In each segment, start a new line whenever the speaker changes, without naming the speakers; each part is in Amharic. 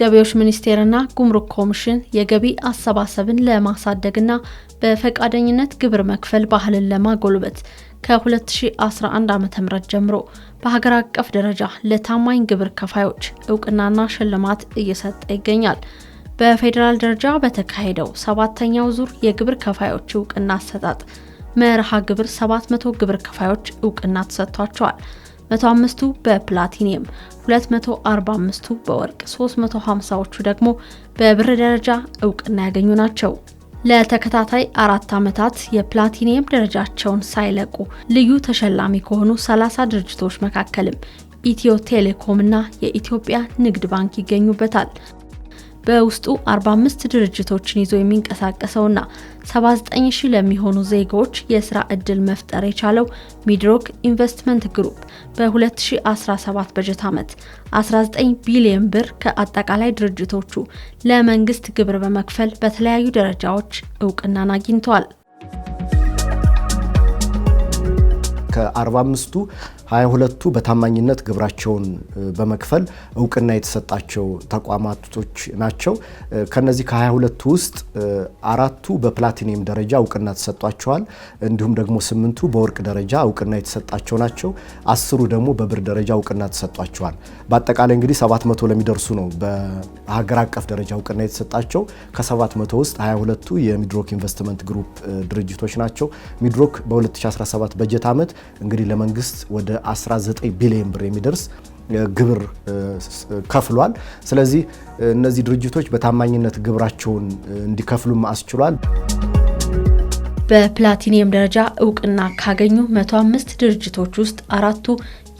ገቢዎች ሚኒስቴርና ጉምሩክ ኮሚሽን የገቢ አሰባሰብን ለማሳደግና በፈቃደኝነት ግብር መክፈል ባህልን ለማጎልበት ከ2011 ዓ ም ጀምሮ በሀገር አቀፍ ደረጃ ለታማኝ ግብር ከፋዮች እውቅናና ሽልማት እየሰጠ ይገኛል። በፌዴራል ደረጃ በተካሄደው ሰባተኛው ዙር የግብር ከፋዮች እውቅና አሰጣጥ መርሃ ግብር 700 ግብር ከፋዮች እውቅና ተሰጥቷቸዋል። 105ቱ በፕላቲኒየም፣ 245ቱ በወርቅ፣ 350ዎቹ ደግሞ በብር ደረጃ እውቅና ያገኙ ናቸው። ለተከታታይ አራት ዓመታት የፕላቲኒየም ደረጃቸውን ሳይለቁ ልዩ ተሸላሚ ከሆኑ 30 ድርጅቶች መካከልም ኢትዮ ቴሌኮም እና የኢትዮጵያ ንግድ ባንክ ይገኙበታል። በውስጡ 45 ድርጅቶችን ይዞ የሚንቀሳቀሰውና 79 ሺህ ለሚሆኑ ዜጎች የስራ እድል መፍጠር የቻለው ሚድሮክ ኢንቨስትመንት ግሩፕ በ2017 በጀት ዓመት 19 ቢሊዮን ብር ከአጠቃላይ ድርጅቶቹ ለመንግስት ግብር በመክፈል በተለያዩ ደረጃዎች እውቅናን አግኝተዋል።
ከ45ቱ ሀያ ሁለቱ በታማኝነት ግብራቸውን በመክፈል እውቅና የተሰጣቸው ተቋማቶች ናቸው። ከነዚህ ከሀያ ሁለቱ ውስጥ አራቱ በፕላቲኒየም ደረጃ እውቅና ተሰጧቸዋል። እንዲሁም ደግሞ ስምንቱ በወርቅ ደረጃ እውቅና የተሰጣቸው ናቸው። አስሩ ደግሞ በብር ደረጃ እውቅና ተሰጧቸዋል። በአጠቃላይ እንግዲህ 700 ለሚደርሱ ነው በሀገር አቀፍ ደረጃ እውቅና የተሰጣቸው። ከ700 ውስጥ 22ቱ የሚድሮክ ኢንቨስትመንት ግሩፕ ድርጅቶች ናቸው። ሚድሮክ በ2017 በጀት ዓመት እንግዲህ ለመንግስት ወደ 19 ቢሊዮን ብር የሚደርስ ግብር ከፍሏል። ስለዚህ እነዚህ ድርጅቶች በታማኝነት ግብራቸውን እንዲከፍሉም አስችሏል።
በፕላቲኒየም ደረጃ እውቅና ካገኙ 105 ድርጅቶች ውስጥ አራቱ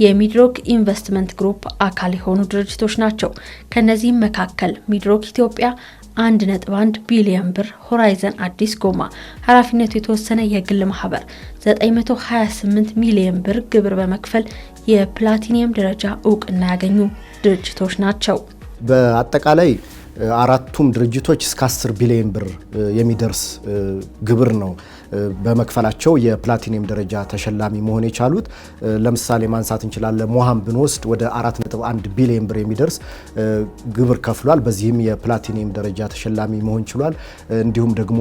የሚድሮክ ኢንቨስትመንት ግሩፕ አካል የሆኑ ድርጅቶች ናቸው። ከነዚህም መካከል ሚድሮክ ኢትዮጵያ አንድ ነጥብ አንድ ቢሊዮን ብር ሆራይዘን አዲስ ጎማ ኃላፊነቱ የተወሰነ የግል ማህበር 928 ሚሊዮን ብር ግብር በመክፈል የፕላቲኒየም ደረጃ እውቅና ያገኙ ድርጅቶች ናቸው።
በአጠቃላይ አራቱም ድርጅቶች እስከ 10 ቢሊዮን ብር የሚደርስ ግብር ነው በመክፈላቸው የፕላቲኒየም ደረጃ ተሸላሚ መሆን የቻሉት ለምሳሌ ማንሳት እንችላለን። ሞሃን ብንወስድ ወደ 4.1 ቢሊዮን ብር የሚደርስ ግብር ከፍሏል። በዚህም የፕላቲኒየም ደረጃ ተሸላሚ መሆን ችሏል። እንዲሁም ደግሞ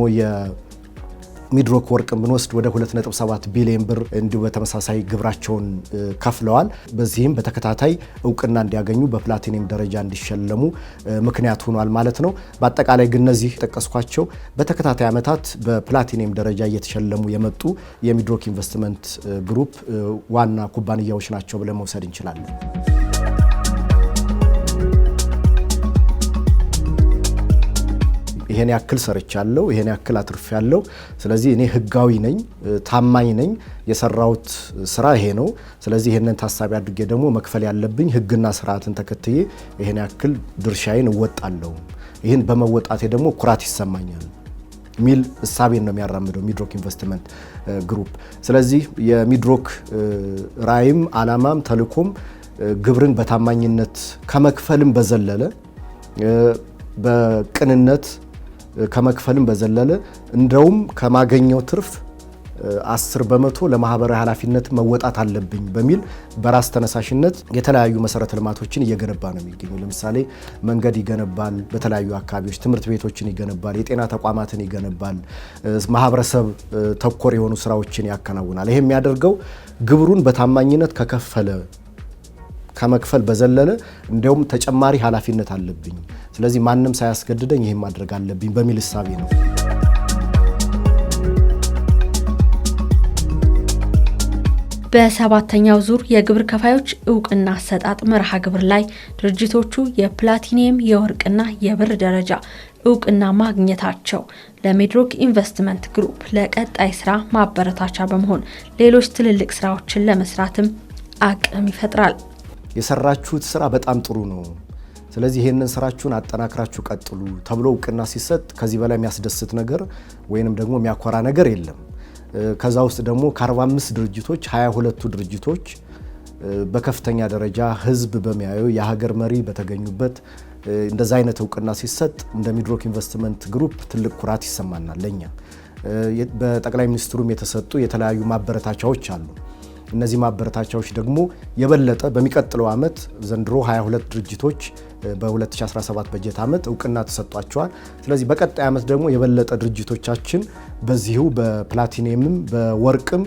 ሚድሮክ ወርቅን ብንወስድ ወደ 2.7 ቢሊዮን ብር እንዲሁ በተመሳሳይ ግብራቸውን ከፍለዋል። በዚህም በተከታታይ እውቅና እንዲያገኙ በፕላቲኒየም ደረጃ እንዲሸለሙ ምክንያት ሆኗል ማለት ነው። በአጠቃላይ ግን እነዚህ ጠቀስኳቸው በተከታታይ ዓመታት በፕላቲኒየም ደረጃ እየተሸለሙ የመጡ የሚድሮክ ኢንቨስትመንት ግሩፕ ዋና ኩባንያዎች ናቸው ብለን መውሰድ እንችላለን። ይሄን ያክል ሰርቻለሁ፣ ይሄን ያክል አትርፌያለሁ፣ ስለዚህ እኔ ህጋዊ ነኝ፣ ታማኝ ነኝ፣ የሰራሁት ስራ ይሄ ነው፣ ስለዚህ ይሄንን ታሳቢ አድርጌ ደግሞ መክፈል ያለብኝ ህግና ስርዓትን ተከትዬ ይሄን ያክል ድርሻዬን እወጣለሁ፣ ይህን በመወጣቴ ደግሞ ኩራት ይሰማኛል ሚል እሳቤን ነው የሚያራምደው ሚድሮክ ኢንቨስትመንት ግሩፕ። ስለዚህ የሚድሮክ ራዕይም አላማም ተልኮም ግብርን በታማኝነት ከመክፈልም በዘለለ በቅንነት ከመክፈልም በዘለለ እንደውም ከማገኘው ትርፍ አስር በመቶ ለማህበራዊ ኃላፊነት መወጣት አለብኝ በሚል በራስ ተነሳሽነት የተለያዩ መሰረተ ልማቶችን እየገነባ ነው የሚገኘው። ለምሳሌ መንገድ ይገነባል፣ በተለያዩ አካባቢዎች ትምህርት ቤቶችን ይገነባል፣ የጤና ተቋማትን ይገነባል፣ ማህበረሰብ ተኮር የሆኑ ስራዎችን ያከናውናል። ይሄ የሚያደርገው ግብሩን በታማኝነት ከከፈለ ከመክፈል በዘለለ እንደውም ተጨማሪ ኃላፊነት አለብኝ ስለዚህ ማንም ሳያስገድደኝ ይህም ማድረግ አለብኝ በሚል እሳቤ ነው።
በሰባተኛው ዙር የግብር ከፋዮች እውቅና አሰጣጥ መርሃ ግብር ላይ ድርጅቶቹ የፕላቲኒየም የወርቅና የብር ደረጃ እውቅና ማግኘታቸው ለሚድሮክ ኢንቨስትመንት ግሩፕ ለቀጣይ ስራ ማበረታቻ በመሆን ሌሎች ትልልቅ ስራዎችን ለመስራትም አቅም ይፈጥራል።
የሰራችሁት ስራ በጣም ጥሩ ነው፣ ስለዚህ ይህንን ስራችሁን አጠናክራችሁ ቀጥሉ ተብሎ እውቅና ሲሰጥ ከዚህ በላይ የሚያስደስት ነገር ወይንም ደግሞ የሚያኮራ ነገር የለም። ከዛ ውስጥ ደግሞ ከ45 ድርጅቶች 22ቱ ድርጅቶች በከፍተኛ ደረጃ ህዝብ በሚያየው የሀገር መሪ በተገኙበት እንደዛ አይነት እውቅና ሲሰጥ እንደ ሚድሮክ ኢንቨስትመንት ግሩፕ ትልቅ ኩራት ይሰማናል ለኛ። በጠቅላይ ሚኒስትሩም የተሰጡ የተለያዩ ማበረታቻዎች አሉ። እነዚህ ማበረታቻዎች ደግሞ የበለጠ በሚቀጥለው ዓመት ዘንድሮ 22 ድርጅቶች በ2017 በጀት ዓመት እውቅና ተሰጧቸዋል። ስለዚህ በቀጣይ ዓመት ደግሞ የበለጠ ድርጅቶቻችን በዚሁ በፕላቲኒየምም በወርቅም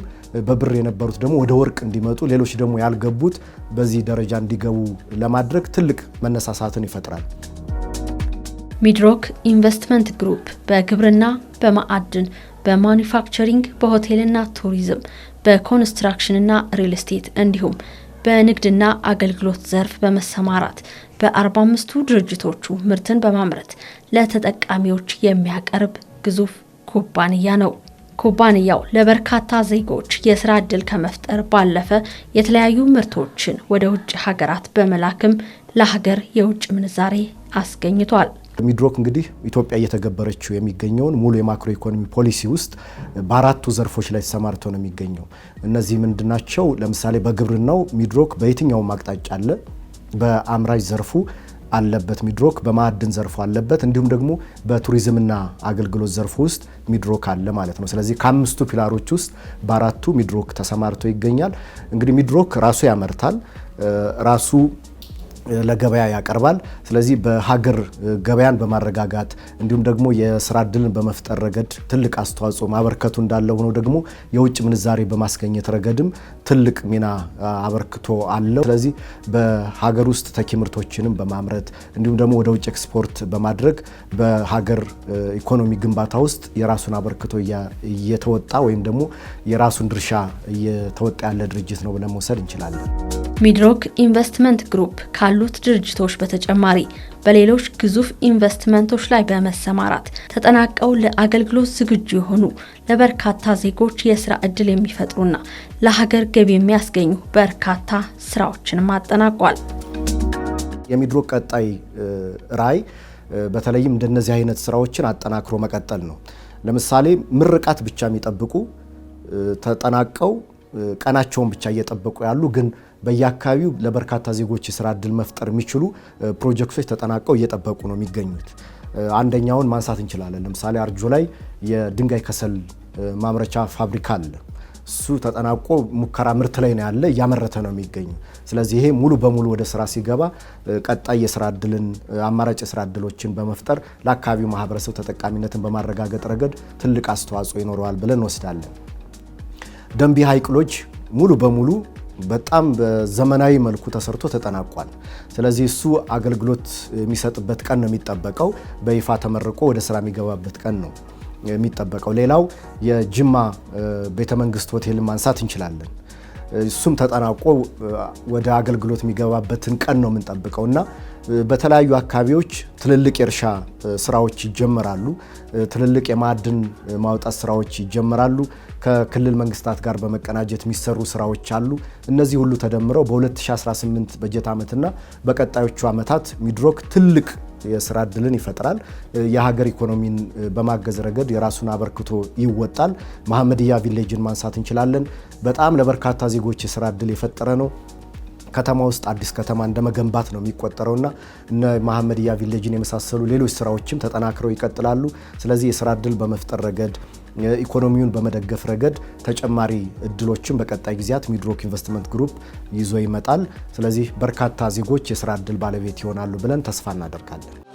በብር የነበሩት ደግሞ ወደ ወርቅ እንዲመጡ፣ ሌሎች ደግሞ ያልገቡት በዚህ ደረጃ እንዲገቡ ለማድረግ ትልቅ መነሳሳትን ይፈጥራል።
ሚድሮክ ኢንቨስትመንት ግሩፕ በግብርና በማዕድን በማኒፋክቸሪንግ፣ በሆቴልና ቱሪዝም፣ በኮንስትራክሽንና ሪል ስቴት እንዲሁም በንግድና አገልግሎት ዘርፍ በመሰማራት በአርባ አምስቱ ድርጅቶቹ ምርትን በማምረት ለተጠቃሚዎች የሚያቀርብ ግዙፍ ኩባንያ ነው። ኩባንያው ለበርካታ ዜጎች የስራ ዕድል ከመፍጠር ባለፈ የተለያዩ ምርቶችን ወደ ውጭ ሀገራት በመላክም ለሀገር የውጭ ምንዛሬ አስገኝቷል።
ሚድሮክ እንግዲህ ኢትዮጵያ እየተገበረችው የሚገኘውን ሙሉ የማክሮ ኢኮኖሚ ፖሊሲ ውስጥ በአራቱ ዘርፎች ላይ ተሰማርቶ ነው የሚገኘው። እነዚህ ምንድናቸው? ለምሳሌ በግብርናው ሚድሮክ በየትኛውም አቅጣጫ አለ። በአምራች ዘርፉ አለበት ሚድሮክ፣ በማዕድን ዘርፉ አለበት፣ እንዲሁም ደግሞ በቱሪዝምና አገልግሎት ዘርፉ ውስጥ ሚድሮክ አለ ማለት ነው። ስለዚህ ከአምስቱ ፒላሮች ውስጥ በአራቱ ሚድሮክ ተሰማርቶ ይገኛል። እንግዲህ ሚድሮክ ራሱ ያመርታል ራሱ ለገበያ ያቀርባል። ስለዚህ በሀገር ገበያን በማረጋጋት እንዲሁም ደግሞ የስራ እድልን በመፍጠር ረገድ ትልቅ አስተዋጽኦ ማበርከቱ እንዳለ ሆኖ ደግሞ የውጭ ምንዛሬ በማስገኘት ረገድም ትልቅ ሚና አበርክቶ አለው። ስለዚህ በሀገር ውስጥ ተኪ ምርቶችንም በማምረት እንዲሁም ደግሞ ወደ ውጭ ኤክስፖርት በማድረግ በሀገር ኢኮኖሚ ግንባታ ውስጥ የራሱን አበርክቶ እየተወጣ ወይም ደግሞ የራሱን ድርሻ እየተወጣ ያለ ድርጅት ነው ብለን መውሰድ እንችላለን።
ሚድሮክ ኢንቨስትመንት ግሩፕ ካሉት ድርጅቶች በተጨማሪ በሌሎች ግዙፍ ኢንቨስትመንቶች ላይ በመሰማራት ተጠናቀው ለአገልግሎት ዝግጁ የሆኑ ለበርካታ ዜጎች የስራ እድል የሚፈጥሩና ለሀገር ገቢ የሚያስገኙ በርካታ ስራዎችንም አጠናቋል።
የሚድሮክ ቀጣይ ራዕይ በተለይም እንደነዚህ አይነት ስራዎችን አጠናክሮ መቀጠል ነው። ለምሳሌ ምርቃት ብቻ የሚጠብቁ ተጠናቀው ቀናቸውን ብቻ እየጠበቁ ያሉ ግን በየአካባቢው ለበርካታ ዜጎች የስራ እድል መፍጠር የሚችሉ ፕሮጀክቶች ተጠናቀው እየጠበቁ ነው የሚገኙት። አንደኛውን ማንሳት እንችላለን። ለምሳሌ አርጆ ላይ የድንጋይ ከሰል ማምረቻ ፋብሪካ አለ። እሱ ተጠናቆ ሙከራ ምርት ላይ ነው ያለ፣ እያመረተ ነው የሚገኙ። ስለዚህ ይሄ ሙሉ በሙሉ ወደ ስራ ሲገባ ቀጣይ የስራ እድልን አማራጭ የስራ እድሎችን በመፍጠር ለአካባቢው ማህበረሰብ ተጠቃሚነትን በማረጋገጥ ረገድ ትልቅ አስተዋጽኦ ይኖረዋል ብለን እንወስዳለን። ደንቢ ሀይቅሎች ሙሉ በሙሉ በጣም በዘመናዊ መልኩ ተሰርቶ ተጠናቋል። ስለዚህ እሱ አገልግሎት የሚሰጥበት ቀን ነው የሚጠበቀው። በይፋ ተመርቆ ወደ ስራ የሚገባበት ቀን ነው የሚጠበቀው። ሌላው የጅማ ቤተመንግስት ሆቴልን ማንሳት እንችላለን። እሱም ተጠናቆ ወደ አገልግሎት የሚገባበትን ቀን ነው የምንጠብቀው እና በተለያዩ አካባቢዎች ትልልቅ የእርሻ ስራዎች ይጀመራሉ። ትልልቅ የማዕድን ማውጣት ስራዎች ይጀመራሉ። ከክልል መንግስታት ጋር በመቀናጀት የሚሰሩ ስራዎች አሉ። እነዚህ ሁሉ ተደምረው በ2018 በጀት ዓመትና በቀጣዮቹ ዓመታት ሚድሮክ ትልቅ የስራ እድልን ይፈጥራል። የሀገር ኢኮኖሚን በማገዝ ረገድ የራሱን አበርክቶ ይወጣል። መሀመድያ ቪሌጅን ማንሳት እንችላለን። በጣም ለበርካታ ዜጎች የስራ እድል የፈጠረ ነው። ከተማ ውስጥ አዲስ ከተማ እንደ መገንባት ነው የሚቆጠረውና እነ መሀመድያ ቪሌጅን የመሳሰሉ ሌሎች ስራዎችም ተጠናክረው ይቀጥላሉ። ስለዚህ የስራ እድል በመፍጠር ረገድ ኢኮኖሚውን በመደገፍ ረገድ ተጨማሪ እድሎችን በቀጣይ ጊዜያት ሚድሮክ ኢንቨስትመንት ግሩፕ ይዞ ይመጣል። ስለዚህ በርካታ ዜጎች የስራ እድል ባለቤት ይሆናሉ ብለን ተስፋ እናደርጋለን።